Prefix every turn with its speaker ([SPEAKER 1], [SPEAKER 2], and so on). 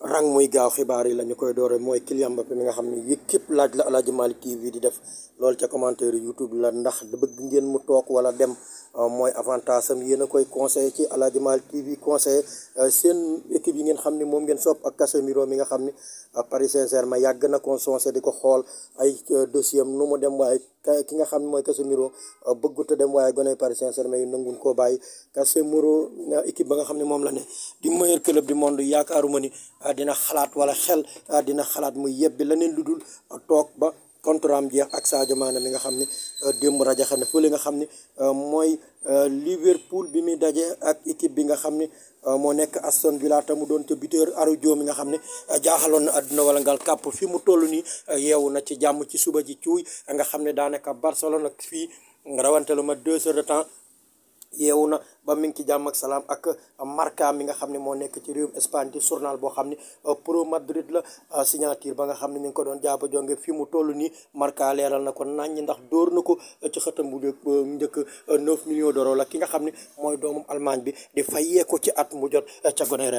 [SPEAKER 1] rang muy gaaw xibaar yi la ñu koy doore mooy Kylian Mbappé mi nga xam ne yi képp laaj la Aladji Malick TV di def loolu ca commentaire YouTube la ndax da bëgg ngeen mu toog wala dem Euh, mooy avantage am yéen a koy conseillé ci Aladji Malick TV conseillé euh, seen équipe yi ngeen xam ni moom ngeen sopp ak Casemiro mi nga xam ne euh, Paris Saint-Germain yàgg na ko sonsé di ko xool ay dossier am nu mu dem waaye ki nga xam ne mooy Casemiro bëggut a dem waaye gone Paris Saint-Germain nanguñ koo bàyyi Casemiro équipe ba nga xam ne moom la ne di meilleur club du monde yaakaaruma ni dina xalaat wala xel dina xalaat muy yebbi leneen lu dul toog ba contrat am jeex ak Sadio Mané mi nga xam ne euh, démb a xam ne fële nga xam ne euh, mooy euh, Liverpool bi muy dajee ak équipe bi nga xam ne moo nekk Aston Villa te mu doon ca buteur Arou Diop mi nga xam ne jaaxaloon na adduna wala ngal kàpp fi mu toll nii yeewu na ci jàmm ci suba ji cuuy nga xam ne daanaka Barcelone ak fii rawante lu deux heures de temps. yeewu na ba mi ngi ci jàmm ak salaam ak Marca mi nga xam ne moo nekk ci réewum Espagne di journal boo xam ne euh, pro Madrid la euh, signature ba nga xam ne mi ngi ko doon jaaba jonge fii mu toll nii marka leeral na ko naññ ndax dóor na ko euh, ci xëtam bu njëkk 9 millions d'euros la ki nga xam ne mooy doomu Allemagne bi di fayee ko ci at mu jot ca gone